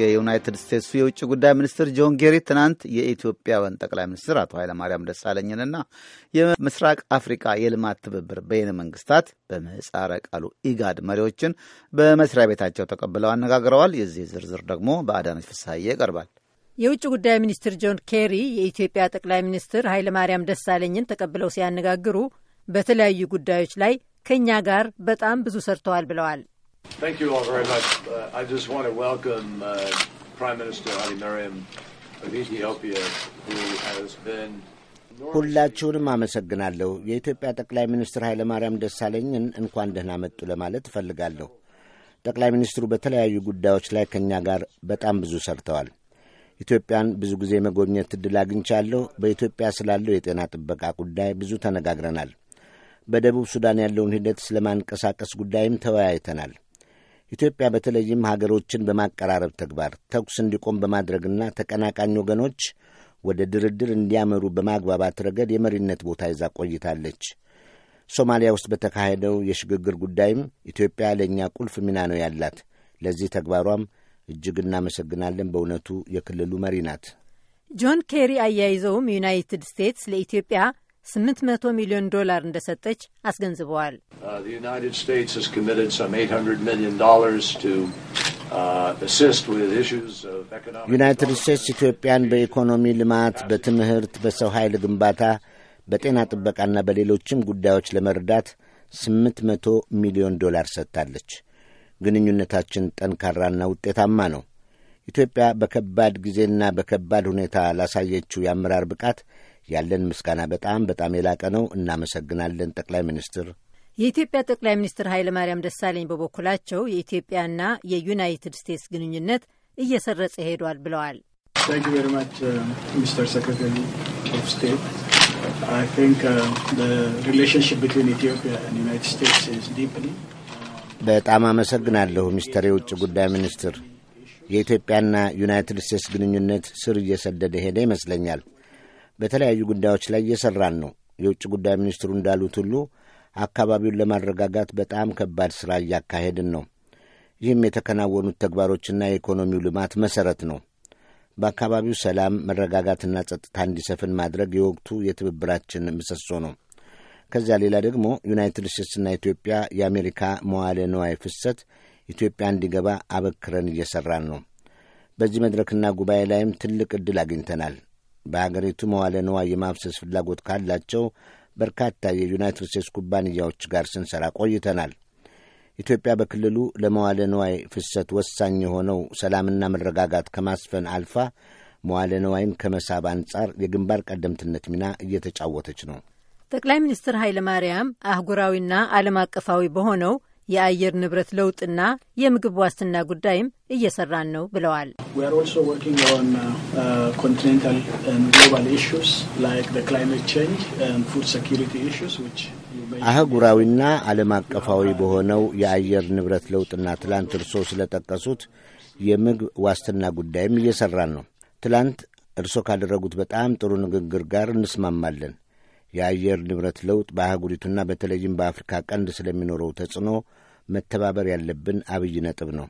የዩናይትድ ስቴትሱ የውጭ ጉዳይ ሚኒስትር ጆን ኬሪ ትናንት የኢትዮጵያውያን ጠቅላይ ሚኒስትር አቶ ኃይለማርያም ደሳለኝንና የምስራቅ አፍሪካ የልማት ትብብር በይነ መንግስታት በምህፃረ ቃሉ ኢጋድ መሪዎችን በመስሪያ ቤታቸው ተቀብለው አነጋግረዋል። የዚህ ዝርዝር ደግሞ በአዳነች ፍሳሐዬ ይቀርባል። የውጭ ጉዳይ ሚኒስትር ጆን ኬሪ የኢትዮጵያ ጠቅላይ ሚኒስትር ኃይለማርያም ደሳለኝን ተቀብለው ሲያነጋግሩ በተለያዩ ጉዳዮች ላይ ከእኛ ጋር በጣም ብዙ ሰርተዋል ብለዋል። Thank you all very much. Uh, I just want to welcome uh, Prime Minister Ali Mariam of Ethiopia, who has been ሁላችሁንም አመሰግናለሁ። የኢትዮጵያ ጠቅላይ ሚኒስትር ኃይለ ማርያም ደሳለኝን እንኳን ደህና መጡ ለማለት እፈልጋለሁ። ጠቅላይ ሚኒስትሩ በተለያዩ ጉዳዮች ላይ ከእኛ ጋር በጣም ብዙ ሰርተዋል። ኢትዮጵያን ብዙ ጊዜ መጎብኘት ዕድል አግኝቻለሁ። በኢትዮጵያ ስላለው የጤና ጥበቃ ጉዳይ ብዙ ተነጋግረናል። በደቡብ ሱዳን ያለውን ሂደት ስለማንቀሳቀስ ጉዳይም ተወያይተናል። ኢትዮጵያ በተለይም ሀገሮችን በማቀራረብ ተግባር ተኩስ እንዲቆም በማድረግና ተቀናቃኝ ወገኖች ወደ ድርድር እንዲያመሩ በማግባባት ረገድ የመሪነት ቦታ ይዛ ቆይታለች። ሶማሊያ ውስጥ በተካሄደው የሽግግር ጉዳይም ኢትዮጵያ ለእኛ ቁልፍ ሚና ነው ያላት። ለዚህ ተግባሯም እጅግ እናመሰግናለን። በእውነቱ የክልሉ መሪ ናት። ጆን ኬሪ አያይዘውም ዩናይትድ ስቴትስ ለኢትዮጵያ 800 ሚሊዮን ዶላር እንደሰጠች አስገንዝበዋል። ዩናይትድ ስቴትስ ኢትዮጵያን በኢኮኖሚ ልማት፣ በትምህርት፣ በሰው ኃይል ግንባታ፣ በጤና ጥበቃና በሌሎችም ጉዳዮች ለመርዳት 800 ሚሊዮን ዶላር ሰጥታለች። ግንኙነታችን ጠንካራና ውጤታማ ነው። ኢትዮጵያ በከባድ ጊዜና በከባድ ሁኔታ ላሳየችው የአመራር ብቃት ያለን ምስጋና በጣም በጣም የላቀ ነው። እናመሰግናለን ጠቅላይ ሚኒስትር። የኢትዮጵያ ጠቅላይ ሚኒስትር ኃይለማርያም ደሳለኝ በበኩላቸው የኢትዮጵያና የዩናይትድ ስቴትስ ግንኙነት እየሰረጸ ሄዷል ብለዋል። uh, uh, በጣም አመሰግናለሁ ሚስተር የውጭ ጉዳይ ሚኒስትር። የኢትዮጵያና ዩናይትድ ስቴትስ ግንኙነት ስር እየሰደደ ሄደ ይመስለኛል። በተለያዩ ጉዳዮች ላይ እየሠራን ነው። የውጭ ጉዳይ ሚኒስትሩ እንዳሉት ሁሉ አካባቢውን ለማረጋጋት በጣም ከባድ ሥራ እያካሄድን ነው። ይህም የተከናወኑት ተግባሮችና የኢኮኖሚው ልማት መሠረት ነው። በአካባቢው ሰላም፣ መረጋጋትና ጸጥታ እንዲሰፍን ማድረግ የወቅቱ የትብብራችን ምሰሶ ነው። ከዚያ ሌላ ደግሞ ዩናይትድ ስቴትስና ኢትዮጵያ የአሜሪካ መዋለ ንዋይ ፍሰት ኢትዮጵያ እንዲገባ አበክረን እየሠራን ነው። በዚህ መድረክና ጉባኤ ላይም ትልቅ ዕድል አግኝተናል። በአገሪቱ መዋለ ንዋይ የማፍሰስ ፍላጎት ካላቸው በርካታ የዩናይትድ ስቴትስ ኩባንያዎች ጋር ስንሰራ ቆይተናል። ኢትዮጵያ በክልሉ ለመዋለ ንዋይ ፍሰት ወሳኝ የሆነው ሰላምና መረጋጋት ከማስፈን አልፋ መዋለ ንዋይን ከመሳብ አንጻር የግንባር ቀደምትነት ሚና እየተጫወተች ነው። ጠቅላይ ሚኒስትር ኃይለ ማርያም አህጉራዊና ዓለም አቀፋዊ በሆነው የአየር ንብረት ለውጥና የምግብ ዋስትና ጉዳይም እየሰራን ነው ብለዋል። uh, uh, አህጉራዊና ዓለም አቀፋዊ በሆነው የአየር ንብረት ለውጥና ትላንት እርሶ ስለጠቀሱት የምግብ ዋስትና ጉዳይም እየሰራን ነው። ትላንት እርሶ ካደረጉት በጣም ጥሩ ንግግር ጋር እንስማማለን። የአየር ንብረት ለውጥ በአህጉሪቱና በተለይም በአፍሪካ ቀንድ ስለሚኖረው ተጽዕኖ መተባበር ያለብን አብይ ነጥብ ነው።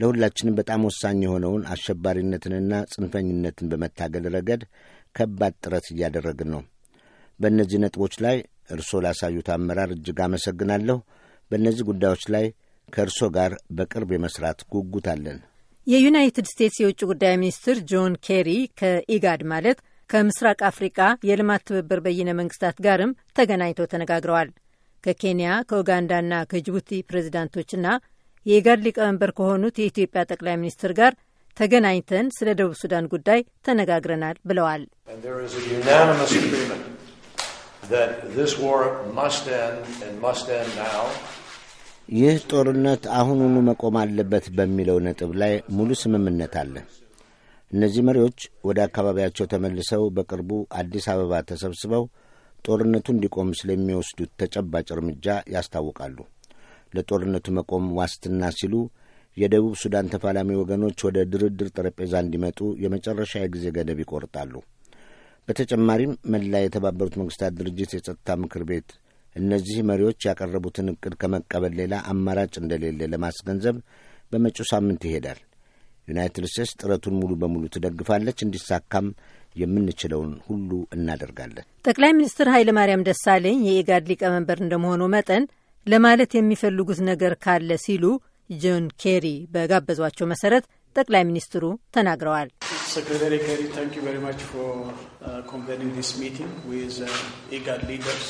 ለሁላችንም በጣም ወሳኝ የሆነውን አሸባሪነትንና ጽንፈኝነትን በመታገል ረገድ ከባድ ጥረት እያደረግን ነው። በእነዚህ ነጥቦች ላይ እርስዎ ላሳዩት አመራር እጅግ አመሰግናለሁ። በእነዚህ ጉዳዮች ላይ ከእርስዎ ጋር በቅርብ የመስራት ጉጉት አለን። የዩናይትድ ስቴትስ የውጭ ጉዳይ ሚኒስትር ጆን ኬሪ ከኢጋድ ማለት ከምስራቅ አፍሪቃ የልማት ትብብር በይነ መንግስታት ጋርም ተገናኝተው ተነጋግረዋል። ከኬንያ ከኡጋንዳና ከጅቡቲ ፕሬዚዳንቶችና የኢጋድ ሊቀመንበር ከሆኑት የኢትዮጵያ ጠቅላይ ሚኒስትር ጋር ተገናኝተን ስለ ደቡብ ሱዳን ጉዳይ ተነጋግረናል ብለዋል። ይህ ጦርነት አሁኑኑ መቆም አለበት በሚለው ነጥብ ላይ ሙሉ ስምምነት አለ። እነዚህ መሪዎች ወደ አካባቢያቸው ተመልሰው በቅርቡ አዲስ አበባ ተሰብስበው ጦርነቱ እንዲቆም ስለሚወስዱት ተጨባጭ እርምጃ ያስታውቃሉ። ለጦርነቱ መቆም ዋስትና ሲሉ የደቡብ ሱዳን ተፋላሚ ወገኖች ወደ ድርድር ጠረጴዛ እንዲመጡ የመጨረሻ የጊዜ ገደብ ይቆርጣሉ። በተጨማሪም መላ የተባበሩት መንግስታት ድርጅት የጸጥታ ምክር ቤት እነዚህ መሪዎች ያቀረቡትን እቅድ ከመቀበል ሌላ አማራጭ እንደሌለ ለማስገንዘብ በመጪው ሳምንት ይሄዳል። ዩናይትድ ስቴትስ ጥረቱን ሙሉ በሙሉ ትደግፋለች። እንዲሳካም የምንችለውን ሁሉ እናደርጋለን። ጠቅላይ ሚኒስትር ኃይለ ማርያም ደሳለኝ የኢጋድ ሊቀመንበር እንደመሆኑ መጠን ለማለት የሚፈልጉት ነገር ካለ ሲሉ ጆን ኬሪ በጋበዟቸው መሰረት ጠቅላይ ሚኒስትሩ ተናግረዋል። ሴክሬታሪ ኬሪ ታንክ ዩ ቨሪ ማች ፎር ኮንቨኒንግ ዲስ ሚቲንግ ዊዝ ኢጋድ ሊደርስ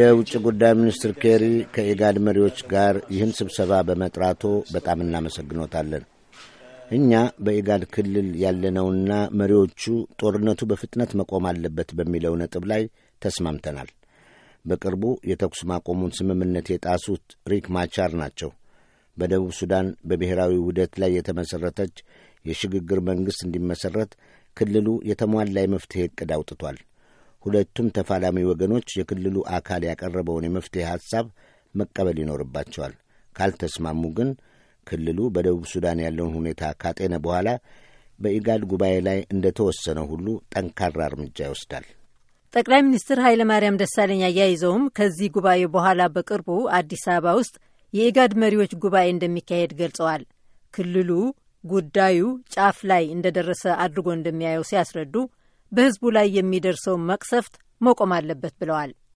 የውጭ ጉዳይ ሚኒስትር ኬሪ ከኢጋድ መሪዎች ጋር ይህን ስብሰባ በመጥራቶ በጣም እናመሰግኖታለን። እኛ በኢጋድ ክልል ያለነውና መሪዎቹ ጦርነቱ በፍጥነት መቆም አለበት በሚለው ነጥብ ላይ ተስማምተናል። በቅርቡ የተኩስ ማቆሙን ስምምነት የጣሱት ሪክ ማቻር ናቸው። በደቡብ ሱዳን በብሔራዊ ውህደት ላይ የተመሠረተች የሽግግር መንግሥት እንዲመሠረት ክልሉ የተሟላ የመፍትሔ ዕቅድ አውጥቷል። ሁለቱም ተፋላሚ ወገኖች የክልሉ አካል ያቀረበውን የመፍትሄ ሐሳብ መቀበል ይኖርባቸዋል። ካልተስማሙ ግን ክልሉ በደቡብ ሱዳን ያለውን ሁኔታ ካጤነ በኋላ በኢጋድ ጉባኤ ላይ እንደተወሰነ ሁሉ ጠንካራ እርምጃ ይወስዳል። ጠቅላይ ሚኒስትር ኃይለ ማርያም ደሳለኝ አያይዘውም ከዚህ ጉባኤ በኋላ በቅርቡ አዲስ አበባ ውስጥ የኢጋድ መሪዎች ጉባኤ እንደሚካሄድ ገልጸዋል። ክልሉ ጉዳዩ ጫፍ ላይ እንደደረሰ አድርጎ እንደሚያየው ሲያስረዱ በህዝቡ ላይ የሚደርሰውን መቅሰፍት መቆም አለበት ብለዋል።